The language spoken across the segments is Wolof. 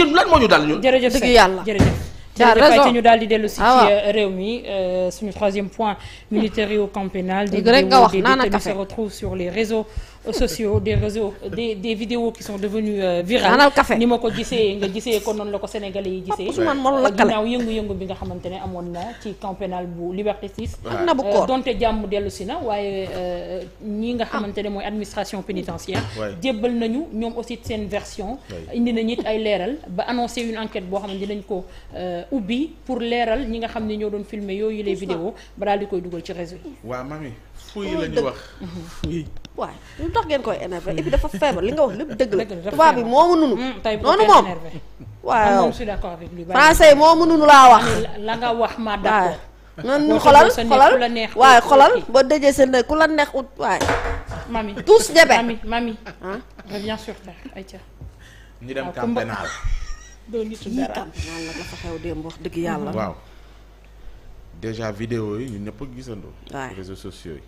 ñun lan moo ñu dal ñun. jërëjëf dëgg yàlla jërëjëf. daa raison te ñu daal di dellu si ah, ci euh, réew mi euh, suñu troisième point. militaire au camp pénal. dégg rek nga wax naanaka di se retrouve sur les réseaux. Euh, sociaux des réseaux des des vidéos qui sont devenues euh, virales ni ma ko gisee nga gisee ko noonu la ko sénégalais yi gisee euh, ginnaaw yëngu-yëngu bi nga xamante ne amoon na ci camp pénal bu liberté 6 donte jàmm dellu si na waaye ñi nga xamante ne mooy administration pénitentiaire ah. jébbal nañu ñoom aussi seen version indi na ñit ay leeral ba annoncé une enquête boo xam ne dinañ ko ubbi pour leeral ñi nga xam ne ñoo doon filmer yooyu les vidéos ba daal di koy dugal ci réseau yi waaw lu tax ngeen koy énervé et puis dafa feebar li nga wax lépp dëgg la tubaab bi moomu nunu mm, noonu moom waaw ah français yi moomu nunu laa wax la ma d'accord noonu xolal xolal waaye xolal boo dëjee sa ndey ku la neex ut waaye mami tous jebe mami mami reviens sur terre ayca ñu dem ah, camp pénal doo la dafa xew démb wax dëgg yàlla waaw déjà vidéo yi ñu ñëpp a gisandoo réseaux sociaux yi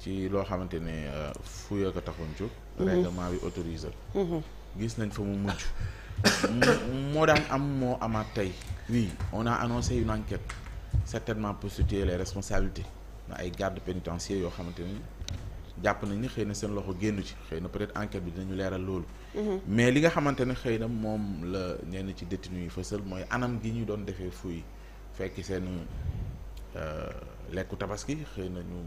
ci loo xamante ne euh, fuya ko taxoon jóg mhm. règlement bi autorisé mhm. gis nañ fa mu mujj moo daan am moo amaat tey oui on a annoncé une enquête certainement pour situer les responsabilités na ay gardes pénitentiaires yoo xamante ni jàpp nañ ni xëy na seen loxo génn ci xëy na peut-être enquête bi dinañu leeral loolu mhm. mais li nga xamante ne xëy na moom la ñenn ci détenus yi fësal mooy anam gi ñu doon defee fuy fekk seen euh, lekku tabaski xëy nañu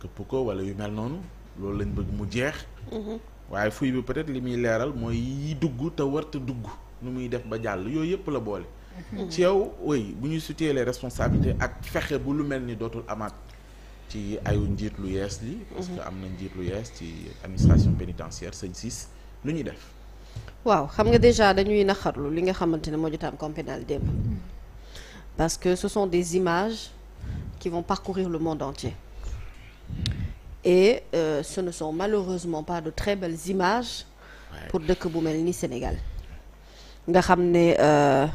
këpp ko wala yu mel noonu loolu lañ bëgg mu jeex. Mhm. waaye fuy bi peut-être li muy leeral mooy yi dugg te warta dugg nu muy def ba jàll yooyu yëpp la boole. Mhm. ci yow oui bu ñu situé les ak fexe bu lu mel ni dootul amaat ci ayu njiit lu yees li. Mhm. parce que am na njiit lu yees ci administration pénitentière sañ Ciss lu ñuy def. waaw xam nga déjà dañuy naxarlu li nga xamante ne moo jotaam comme pénal parce que ce sont des images qui vont parcourir et euh, ce ne sont malheureusement pas de très belles images pour dëkk bu mel ni Sénégal nga xam ne euh,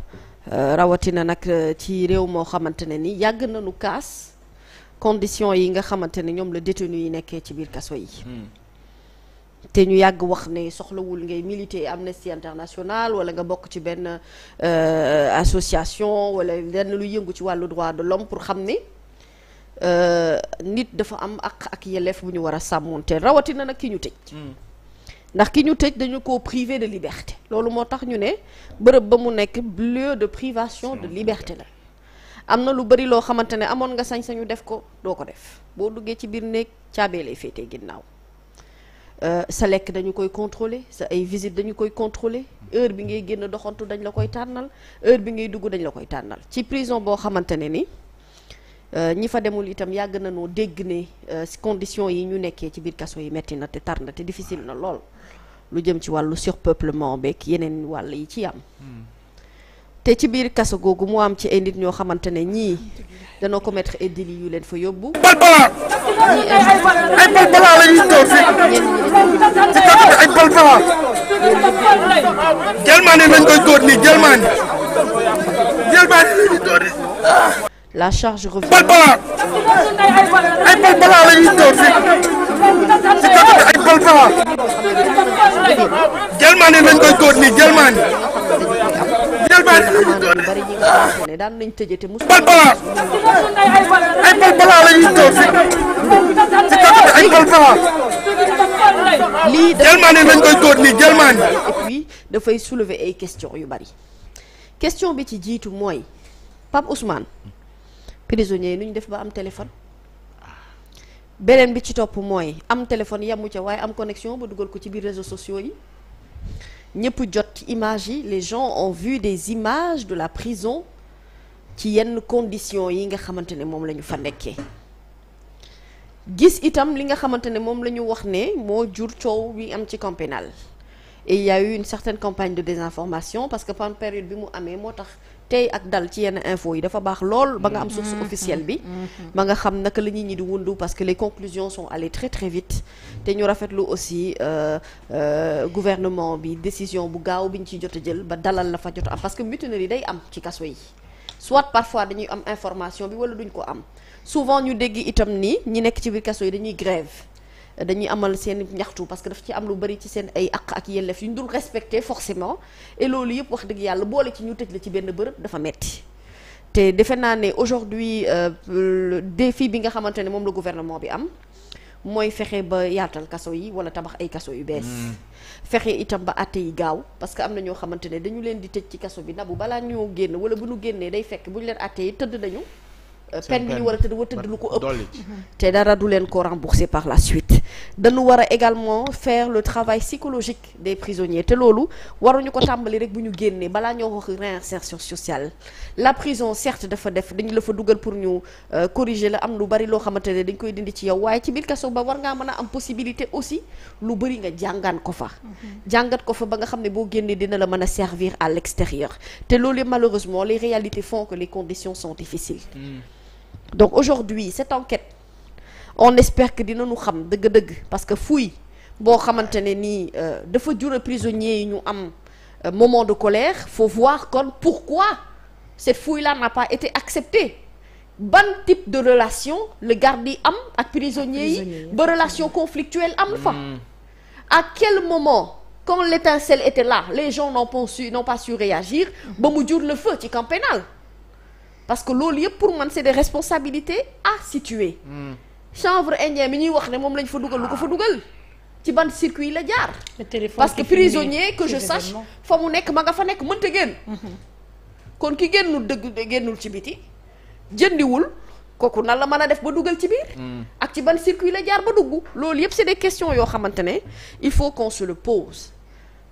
euh, rawatina nag euh, ci réew moo xamante ne ni yàgg nañu kaas conditions yi nga xamante ne ñoom la détenu yi nekkee ci biir kaso yi hmm. te ñu yàgg wax ne soxlawul ngay militer Amnesty International wala nga bokk ci benn association wala lenn lu yëngu ci wàllu droit de l'homme pour xam ne Euh, nit dafa am ak ak yelleef bu ñu war a sàmmonteel rawatina nag ki ñu tëj hmm. ndax ki ñu tëj dañu ko privé de liberté loolu moo tax ñu ne bërëb ba mu nekk lieu de privation de liberté la am na lu bari loo xamante ne amoon nga sañ-sañu def ko doo ko def boo duggee ci biir néeg caabee lay féetee ginnaaw euh, sa lekk dañu koy contrôler sa ay visite dañu koy contrôler heure bi ngay génn doxantu dañ la koy tànnal heure bi ngay dugg dañ la koy tànnal ci prison boo xamante ne ni Euh, ñi fa demul itam yàgg nañoo dégg ne euh, condition yi ñu nekkee ci biir kaso yi metti na te tar na te difficile na lool lu jëm ci wàllu surpeuplement beeg yeneen wàll yi ci am. Hmm. te ci biir kaso googu mu am ci ay nit ñoo xamante ne ñii danoo commettre ay délits yu leen fa yóbbu. bal balaa koy góor nii Jelmaani. la charge revient. balbala ay balbala la ñuy dóor fii nañ koy dóor nii Jelmaani. Jelmaani nañ tëjee te mosul. balbala ay balbala dafay Jelmaani nañ koy dóor nii Jelmaani. et dafay soulever ay question yu bari question bi ci jiitu mooy Pape Ousmane. prisonniers yi nu ñu def ba am téléphone beneen bi ci topp mooy am téléphone yamu ca waaye am connexion ba dugal ko ci biir réseaux sociaux yi ñëpp jot ci image yi les gens ont vu des images de la prison ci yenn conditions yi nga xamante ne moom la ñu fa nekkee gis itam li nga xamante ne moom la ñu wax ne moo jur coow bi am ci camp pénal et il y a eu une certaine campagne de désinformation parce que pendant période bi mu amee moo tax tey ak dal ci yenn info yi dafa baax lool ba nga am source mm-hmm. officielle bi mm-hmm. Mm-hmm. ba nga xam naka la nit ñi di wundu parce que les conclusions sont allées très très vite te ñu rafetlu aussi euh, euh, gouvernement bi décision bu gaaw bi ñu ciy jot a jël ba dalal la fa jot am parce que yi day am ci kaso yi soit parfois dañuy am information bi wala duñ ko am souvent ñu dégg itam ni ñi nekk ci biir kaso yi dañuy grève dañuy amal seen ñaxtu parce que daf ci am lu bari ci seen ay àq ak yelleef yu ñu dul respecté forcément et loolu yëpp wax dëgg yàlla boole ci ñu tëj la ci benn bërëb dafa metti te defe naa ne aujourd'hui euh, défi bi nga xamante ne moom la gouvernement bi am mooy fexe ba yaatal kaso yi wala tabax ay kaso yu bees hmm. fexe itam ba àtte yi gaaw parce que am na ñoo xamante ne dañu leen di tëj ci kaso bi nabu balaa ñoo génn wala bu ñu génnee day fekk bu ñu leen àtte yi tëdd nañu Euh, peine bi ñu war a tëdd war tëdd lu ko ëpp te dara du leen ko remboursé par la suite dañu war a également faire le travail psychologique des prisonniers te loolu waruñu ko tàmbali rek bu ñu génnee balaa ñoo wax réinsertion sociale la prison certes dafa def dañu la fa dugal pour ñu euh, corriger la am lu bari loo xamante ne dañ koy dindi ci yow waaye ci biir kaso ba war ngaa mën a am possibilité aussi lu bari nga jàngaan ko fa mhm. jàngat ko fa ba nga xam ne boo génnee dina la mën a servir à l'extérieur te loolu malheureusement les réalités font que les conditions sont difficiles mmh. donc aujourd'hui cette enquête on espère que dinañu xam dëgg-dëgg parce que fuy boo xamante ne nii euh, dafa jure prisonniers yi ñu am euh, moment de colère faut voir kon pourquoi cette fouille la n'a pas été acceptée ban type de relation le garde yi am ak prisonniers yi ba relation conflictuelle am fa hmm. à quel moment quand l'étincelle était là les gens n'ont pas su n'ont pas réagir ba mu jur le feu ci camp parce que loolu yëpp pour man c'est des responsabilités à situer. Hmm. chanvre indien bi ñuy wax ne moom lañ fa dugal lu ko fa dugal. ci ban circuit la jaar. parce que prisonnier que je sache fa mu nekk ma nga fa nekk mënta génn. Mhm. kon ki génnul dëgg génnul ci biti jëndiwul kooku nan la mën a def ba dugal ci biir. Hmm. ak ci ban circuit la jaar ba dugg. loolu yëpp c'est des questions yoo xamante ne il faut qu'on se le pose.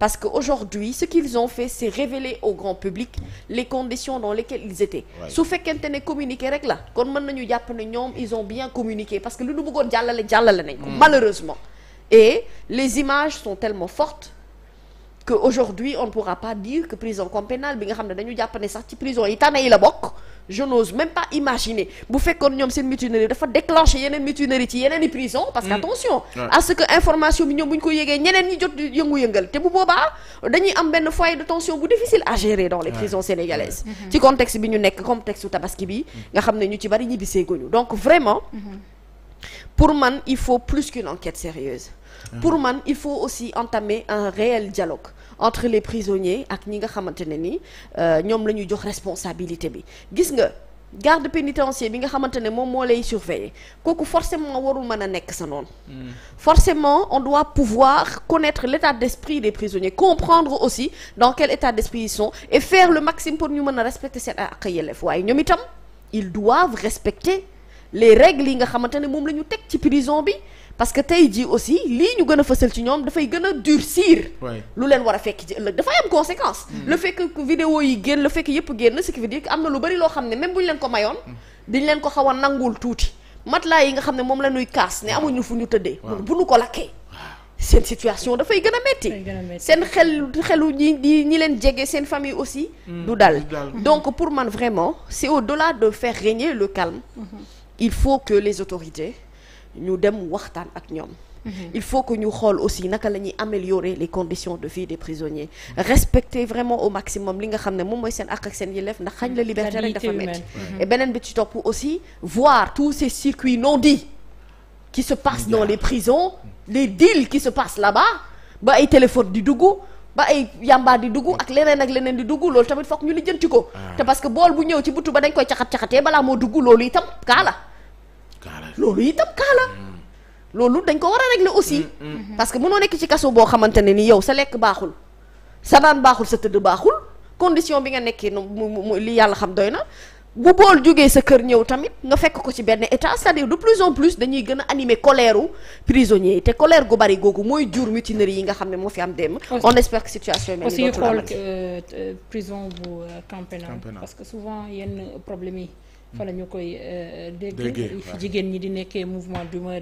Parce qu'aujourd'hui, ce qu'ils ont fait, c'est révéler au grand public les conditions dans lesquelles ils étaient. su fekkente ne communiqué rek la kon mën nañu jàpp ne ñoom ils ont bien communiqué parce que lu ñu bëggoon jàllale jàllale nañ ko hmm. malheureusement. et les images sont tellement fortes que aujourd'hui on ne pourra pas dire que prison comme pénal bi nga xam ne dañu jàpp ne sax ci prison yi tane yi la bokk. je n'ose même pas imaginer bu fekkoon ñoom seen mutinerie dafa déclenché yeneen mutinerie ci yeneen i prison parce que mm. attention à ce que information bi ñoom bu ñu ko yégee ñeneen ñi jot yëngu-yëngal te bu boobaa dañuy am benn foyer de tension bu difficile à dans les prisons sénégalaises ci contexte bi ñu nekk contexte tabaski bi mm. nga xam ne ñu ci bari ñu donc vraiment mm-hmm. pour man il faut plus qu'une enquête sérieuse ah. pour man il faut aussi entamer un réel dialogue entre les prisonniers ak ñi nga xamante ne ni euh, ñoom la ñuy jox responsabilité bi gis nga garde pénitentiaire bi nga xamante ne moom moo lay surveiller kooku forcément warul mën a nekk sa noon hmm. forcément on doit pouvoir connaître l'état d'esprit des prisonniers comprendre aussi dans quel état d'esprit ils sont et faire le maximum pour ñu mën a respecter seen ak yelleef ñoom itam ils doivent respecter les règles yi nga xamante ne moom la ñu teg ci prison bi parce que tey jii aussi lii ñu gën a fësal ci ñoom dafay gën a durcir lu leen war a fekk ci ëllëg dafay am conséquence hmm. le fekk que yi génn le fekk que yëpp génn ce qui am na lu bari loo xam ne même bu ñu leen ko mayoon hmm. diñ leen ko xaw a nangul tuuti matla yi nga xam ne moom la ñuy kaas ne amuñu fu ñu tëddee bu ñu ko lakkee seen situation dafay gën a metti seen xel xelu ñi ñi leen jege seen famille aussi hmm. du dal donc pour man vraiment c'est au-delà de faire régner le il faut que les autorités ñu dem waxtaan ak ñoom. Mhm. il faut que ñu xool aussi naka la ñuy améliorer les conditions de vie des prisonniers. respecter vraiment au maximum li nga xam ne moom mooy seen àq ak seen yelleef ndax xañ la liberté rek dafa metti et beneen bi ci topp aussi voir tous ces circuits non dits qui se passent dans les prisons les deals qui se ba ay téléphone di dugg. ba ay yàmbaa di dugg ak leneen ak leneen di dugg loolu tamit foog ñu lijjanti ko. Ah. te parce que bool bu ñëw ci butu ba dañ koy caxat caxatee balaa moo dugg loolu itam kaa loolu itam kaa mm. loolu dañ ko war a régler aussi mm, mm, parce que mënoo nekk ci kaso boo xamante ne ni yow sa lekk baaxul sa naan baaxul sa tëdd baaxul condition bi nga nekkee mu li yàlla xam doy na bu bool jógee sa kër ñëw tamit nga fekk ko ci benn état sa à dire de plus en plus dañuy gën a animer colère u yi te colère gu bari googu mooy jur mutinerie yi nga xam ne moo fi am démb. on espère que situation yi. aussi ñu xool euh, euh, prison bu euh, camp pénal parce que souvent yenn problème yi. fa la ñu koy euh, dégg fi jigéen ñi di nekkee mouvement d'humeur yi